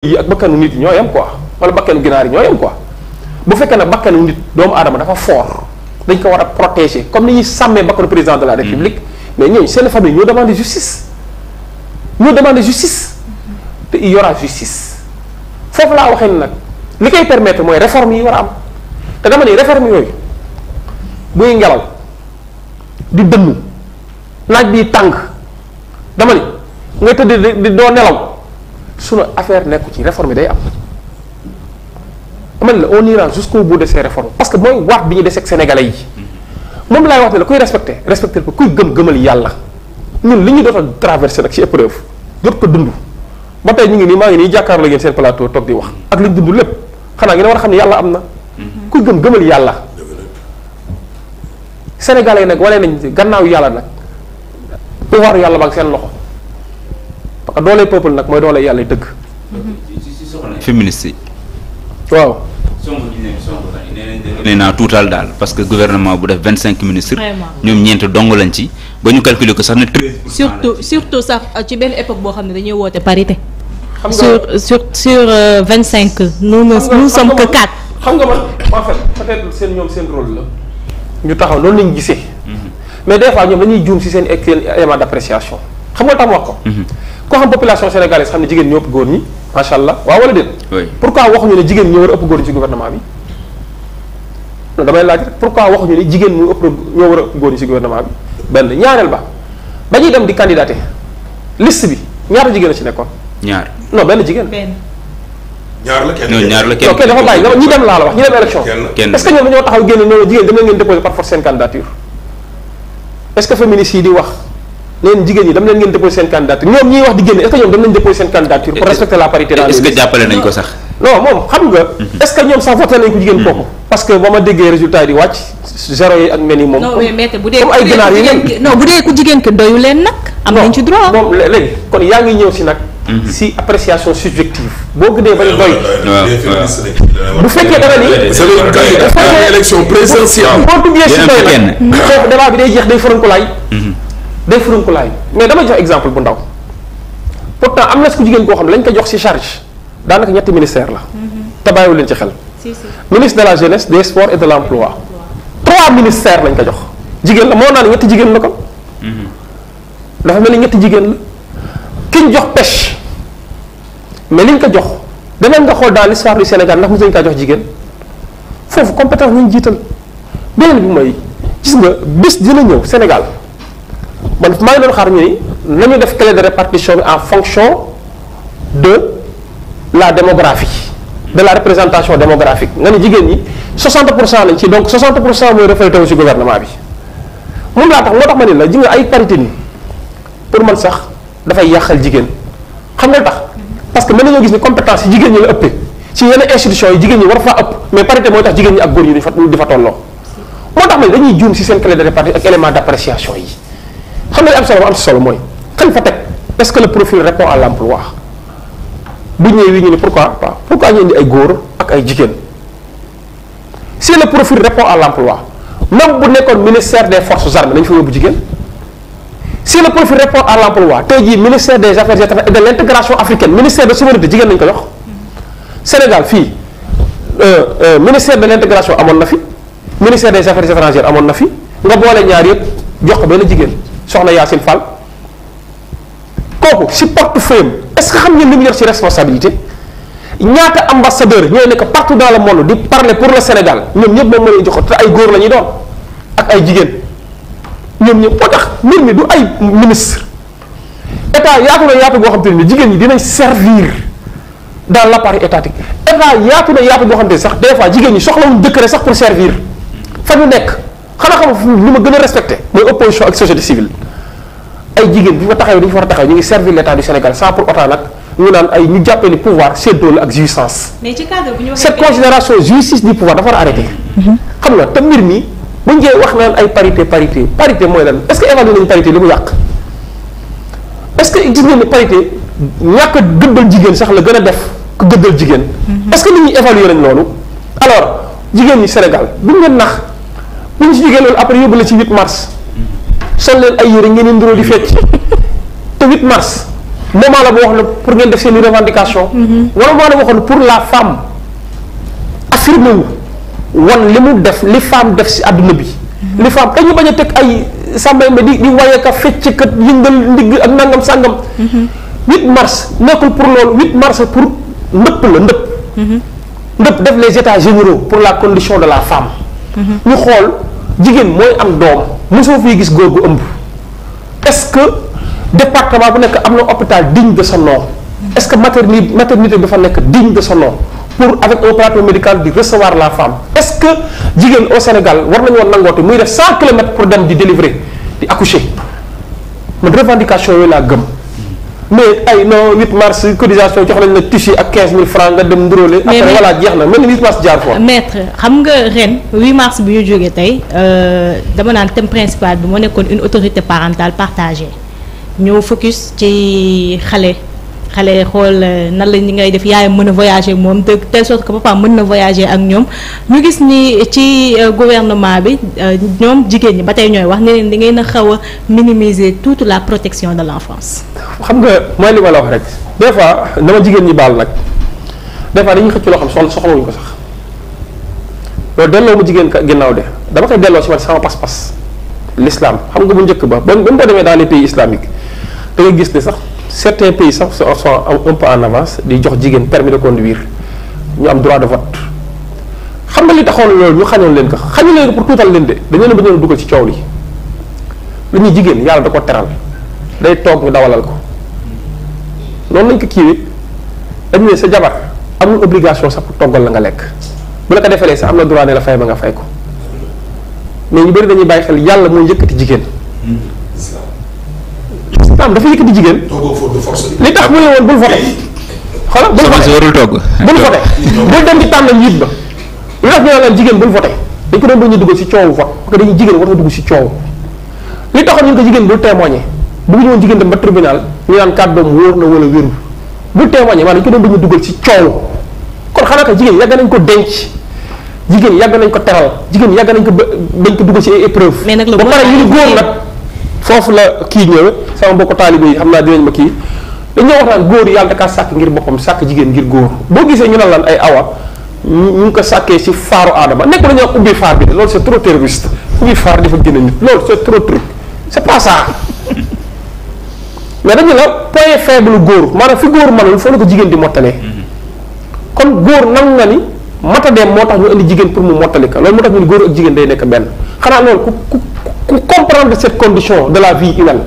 yi ak bakkanu nit ñoo yem quoi wala bakkanu ginaar yi ñoo yem quoi bu fekkee ne bakkanu nit doomu aadama dafa fort dañ ko war a protéger comme ni ñu sàmmee bakkanu président de la république mm-hmm. mais ñooñu seen famille ñoo demande justice ñoo demande justice te il y justice foofu laa waxee nag li koy permettre mooy réforme yi war am te dama ne réforme yooyu buy ngelaw di dënnu naaj bi tàng dama ne nga tëdd di doo nelaw sunu affaire nekku ci réforme yi day am man la on ira jusqu'au bout de ces réformes parce que mooy waat bi ñu des ak sénégalais yi moom laay wax ne la kuy respecté respecté ko kuy gëm gëmal yàlla ñun li ñu doota traversé nag ci épreuve doot ko dund ba tey ñu ngi nii maa ngi nii jàkkaarloo ngeen seen plateau toog di wax ak li ñu dund lépp xanaa ne war a xam ne yàlla am na mhm. kuy gëm gëmal yàlla yi nag waree nañ gannaaw yàlla nag pouvoir yàlla ba seen loxo parce que doole peuple nag mooy doole yàlla dëgg. féministe yi. waaw. nee naa tuutal daal parce que gouvernement bu def vingt cinq ministres. ñoom ñeent dong lañ ci ba ñu calculer ko sax ne treize surtout surtout sax euh, ci benn époque boo xam ne dañuy woote parité. xam nga sur sur euh, vingt cinq. nous ne nous sommes que quatre. xam nga man en fait peut-être seen ñoom seen rôle la. ñu taxaw loolu lañu gisee. Mhm. mais des fois ñoom dañuy juum si seen seen élément d'appréciation xam nga tax wax ko. Mhm. ko xam population sénégalaise xam ne jigéen ñoo ëpp góor ñi macha allah waaw wala déet. oui pourquoi waxuñu ne jigéen ñoo war a ëpp góor ñi ci gouvernement bi non damay laaj jigéen ñoo ëpp ñoo war a ëpp góor ñi ci gouvernement bi benn ñaareel ba ba ñuy dem di candidaté liste bi ñaata jigéen a ci nekkoon. ñaar non benn jigéen. benn. la kenn dafa bàyyi ñi dem laa wax ñi dem élection est-ce que ñoom dañoo taxaw génn noonu jigéen dem ngeen déposé par seen candidature est que féministes yi di wax neen jigéen ñi dama leen ngeen déposé seen candidature ñoom ñuy wax di génn est ce que ñoom dama leen déposé seen candidature pour respecter la parité dans les listes est ce que jàppale nañ ko sax non moom xam nga mhm. est ce que ñoom sax voté nañ ko jigéen kooku mhm. parce que ba ma déggee résultat yi di wàcc zéro yi ak mel yi moom kon yaa ngi ñëw si nag mhm. si appréciation subjective boo gënee ba doy bu fekkee dara ni c'est une élection présidentielle boo duggee si doy nag foofu bi day jeex day faranku day furunkulaay mais dama jox exemple bu ndaw pourtant am na ku jigéen koo xam ne lañ ko jox ci charge daanaka ñetti ministère la. Mm-hmm. te bàyyiwu leen ci xel. ministre de la jeunesse des sports et de l' emploi. trois ministères lañ ko jox. jigéen la moo naan ñetti jigéen la kon. Mm-hmm. dafa mel ni ñetti jigéen kiñ jox peche mais liñ ko jox demeen nga xool daal l'histoire du Sénégal ndax mu nañ kaa jox jigéen foofu compétence ñu jiital beneen bi mooy gis nga bés dina ñëw Sénégal. man maa ngi doon xaar ñu ni nañu def clé de répartition bi en fonction de la démographie de la représentation démographique nga ne jigéen ñi 60 pour cent lañ ci donc 60 pour cent mooy reflété wu si gouvernement bi moom laa tax moo tax ma ne la ji ay parité ni pour man sax dafay yàqal jigéen xam nga tax parce que mën nañoo gis ni compétence yi jigéen ñi la ëppee ci yenn institution yi jigéen ñi war faa ëpp mais parité mooy tax jigéen yi. xam nga am solo am solo mooy kañ fa teg est-ce que le profil répond à bu ñëw wi ñu ne pourquoi pas pourquoi ñu indi ay góor ak ay jigéen si le profil répond à l'emploi même bu nekkoon ministère des forces armées dañu fa yóbbu jigéen si le profil répond à l'emploi tey jii ministère des affaires étrangères et de l'intégration africaine ministère de souveraineté jigéen nañu ko jox Sénégal fii euh, euh, ministère de l'intégration amoon na fi ministère des affaires étrangères amoon na fi nga boole ñaar yëpp jox ko benn jigéen. soxla yaa Yacine Fall kooku si portefeuille est-ce que xam ngeen li mu yor si responsabilité ñaata ambassadeur ñooy nekk partout dans le monde di parler pour le Sénégal ñoom ñëpp moom la ñu jox te ay góor la ñuy doon ay jigéen ñoom ñëpp moo tax mbir mi du ay ministre état yaatu na yaatu boo xam te ne jigéen ñi dinañ servir dans l'appareil étatique état yaatu na yaatu boo xam te ne sax des fois jigéen ñi soxla soxlawuñ décret sax pour servir fa ñu nekk. xanaa xam nga li ma gën a respecté mooy opposition ak société bi fa taxawee dañu fa a taxaw ñu ngi servir l' état du Sénégal sans pour autant nag ñu naan ay ñu jàppee ni pouvoir séddoo a arrêté. Mhm. xam nga te mbir mi bu ñu wax naan ay parité parité parité mooy lan est ce que évalué nañu parité li mu yàq est ce que gis ngeen ne parité ñàkk a gëddal jigéen sax la gën a def ku gëddal jigéen. Mhm. est ce que nit ñi évalué nañ loolu. alors jigéen ñi Sénégal buñ leen nax. bu ñu si jógee loolu après yóbbu la ci 8 mars. leen ay yére ngeen di di fecc te 8 mars moment la boo xam pour ngeen def seen i revendication mm-hmm. wala moment ne pour la femme affirmé wu wan li mu def li femme def si àdduna bi. Mm-hmm. li femme dañu bañ a teg ay sàmbay ma di di waye ka fecc kat yëngal ndigg ak nangam sàngam. 8 mm-hmm. mars nekkul pour loolu 8 mars pour ndëpp la ndëpp. ndëpp def les états généraux pour la condition de la femme. ñu xool. jigéen mooy am doom mosoo fii gis góor gu ëmb est-ce que département bu nekk am na hôpital digne de son nom est-ce que maternité maternité bi fa nekk digne de son nom pour avec un plateau médical di recevoir la femme est-ce que jigéen au Sénégal war nañu woon nangoote muy def 100 kilomètres pour dem di délivrer di accoucher man revendication yooyu laa gëm. mais ay non 8 mars cotisation jox nañ la tissu ak 15000 francs nga dem ndróole. mais après voilà jeex na mel ni 8 mars jaar foofu. maître xam nga ren 8 mars bi ñu jógee tey euh, dama naan thème principal bi moo nekkoon une autorité parentale partagée ñoo focus ci xale. xale yi xool euh, nan la ñi ngay def yaayam mën a voyager moom de telle sorte que papa mën na voyager ak ñoom ñu gis nii ci euh, gouvernement bi euh, ñoom jigéen ñi ba tey ñooy wax ne leen di ngeen a xaw a minimiser toute la protection de l'enfance. xam nga mooy li ma wax rek des fois dama jigéen ñi baal nag des fois dañuy xëcc loo xam soxla soxlawuñu ko sax loolu delloo mu jigéen ka ginnaaw de dama koy delloo si man sama pas-pas l'islam xam nga bu njëkk ba ba ba mu demee dans pays islamiques da gis ne sax. certains pays sax sont un peu en avance di jox jigéen permis de conduire ñu am droit de vote xam nga li taxoon loolu ñu xañoon leen ko xañu leen pour tuutal leen de dañu leen bañoon dugal ci coow li lu jigéen yàlla da ko teral day toog ñu dawalal ko noonu lañ ko kiiwee dañu ne sa jabar amul obligation sax pour toggal la nga lekk bu la ko defalee sax am na droit ne la fay ba nga fay ko mais ñu bëri dañuy bàyyi xel yàlla moo yëkkati jigéen am dafa yëkkati jigéen. li tax mu ne woon bul voté. xoolal bul voté warul togg. bul voté bul dem di tànnal njiit ba. li tax ñu ne leen jigéen bul voté dañ ko doon bañ a dugg si coowu vote jigéen war dugg si coowu. li taxoon ñu ne ko jigéen bul témoigné bëgg ñu woon jigéen dem ba tribunal ñu naan kàddoom wóor na wala wérul bul témoigné maanaam dañ ko doon bañ a duggal si coowu kon xanaa ko jigéen yàgg nañ ko denc. jigéen yàgg nañ ko teral jigéen yàgg nañ ko ba dañ ko dugg ci ay épreuve ba pare ñu góor nag foofu la kii ñëwee sama mbokk taalibe yi xam naa dinañ ma kii dañoo wax góor yàlla da kaa sàkk ngir boppam sàkk jigéen ngir góor boo gisee ñu ne lan ay awa ñu ngi ko sàkkee ci faaru aadama nekk nañu am ubbi faar bi loolu c'est trop terroriste ubbi faar dafa gën a nit loolu c'est trop truc c'est pas ça mais dañu la point faible góor maanaam fi góor mënul foo la ko jigéen di mottalee kon góor nangu nga ni matadee moo tax ñu indi jigéen pour mu mottali ka loolu moo tax ñu góor ak jigéen day nekk benn xanaa ku comprendre cette condition de la vie humaine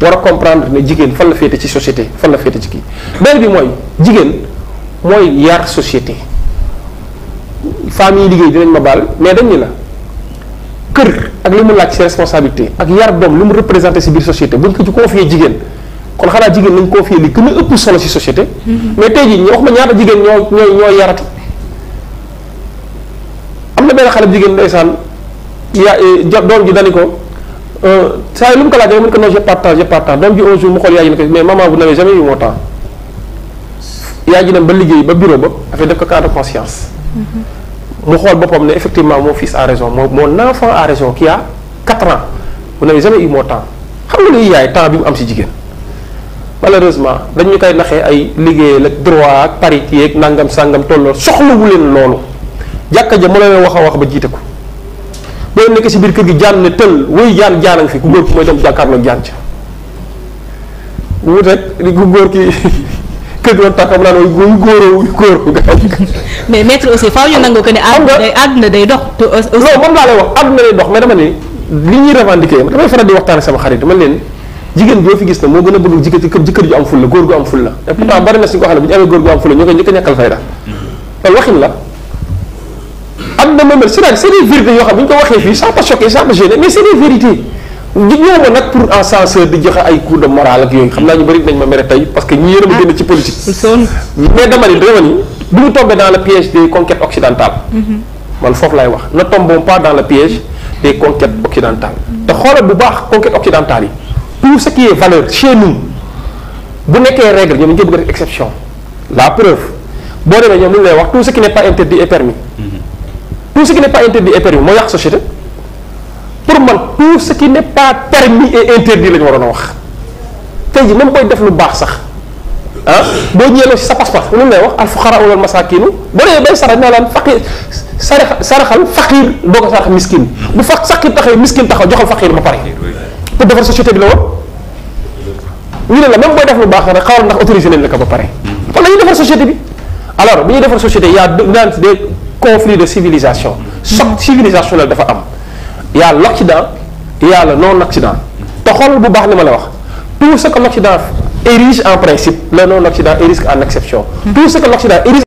war a comprendre ne jigéen fan la féete ci société fan la féete ci kii benn bi mooy jigéen mooy yar société famille yi liggéey dinañ ma baal mais dañ ni la kër ak li mu laaj ci responsabilité ak yar doom li mu représenté si biir société buñ ko ci confier jigéen kon xanaa jigéen nañ confier li gën a ëpp solo si société mm-hmm. mais tey jii wax ma ñaata jigéen ñoo ñooy ñooy yarati am na benn xale jigéen ndeysaan yaa eh, doom ji dani ko euh, saa yi lu mu ko laajee mu ne ko non j'ai pas de temps j'ai pas de temps doom ji un jour mu xool yaay ji ne ko mais maman vous n'avez jamais eu mon temps yaay ji dem ba liggéey ba bureau ba affaire def ko cas de conscience. Mm-hmm. mu xool boppam ne effectivement moo fils a raison mon mon enfant a raison qui a 4 ans vous n'avez jamais eu mon temps xam nga luy yaay temps bi mu am si jigéen. malheureusement dañu koy naxee ay liggéeyal ak droit ak parité ak nangam sàngam tolloo soxlawu leen loolu jàkka ja mu wax a wax ba jiite ko. boo nekk si biir kër gi jaan ne tël wéy jaan jaanang fi ku góor ki mooy dem jàkkaarloog jaan ca wut rek li ku góor ki kër gi doon tàkkam naan way góoyu góoroo wuyu góoroo ga mais na aussi faaw ñu nangu ko ne day dox non moom laa lay wax àdduna day dox mais ne li ñuy revendiquer damay faral di waxtaan sama xarit man leen jigéen joo fi gis na moo gën a bëgg jigéen ci kër jëkkër ju am fulla góor gu am fulla et pourtant bari na si ko xam ne ñu amee góor gu am fulla ñoo koy njëkk a ñàkkal fayda mm-hmm. waxin la am na ma c'est-à-dire c'est des yoo xam bu ñu ko waxee fii ça m'a choqué ça m'a gêné mais c'est des vérités ñu ñëw nag pour en censeur di joxe ay cours de morale ak yooyu xam naa ñu bëri nañ ma mere tey parce que ñi yéen a ma génn ci politique ah, mais dama ni dama ni bu ñu tombé dans le piège des conquêtes occidentales mm-hmm. man foofu lay wax ne tombons pas dans le piège des conquêtes occidentales te xoolal bu baax conquêtes occidentales yi tout ce bu nekkee règle ñoom ñu koy bëgg a def exception lay wax tout ce qui n'est pas tout ce qui n'est pas interdit est permis moo yàq société pour man tout ce qui n'est pas permis et interdit la ñu waroon a wax tey ji même booy def lu baax sax ah boo ñëwee si sa passeport lu lay wax al fuqara wal masakiinu boo dee bay sarax naa laan faqir sarax saraxal faqir doo ko sarax miskin bu fa saqir taxee miskin taxaw joxal faqir ba pare pour defar société bi la woon ñu ne la même booy def lu baax rek xawal ndax autorisé nañ la ko ba pare kon la ñuy defar société bi alors bi ñuy defar société y a naan des conflit de civilisation choc mm-hmm. la dafa am y a l'Occident y a le non-Occident te xool bu baax li ma la wax tout ce que l'Occident érige en principe le non-Occident érige en exception mm-hmm. tout ce que l'Occident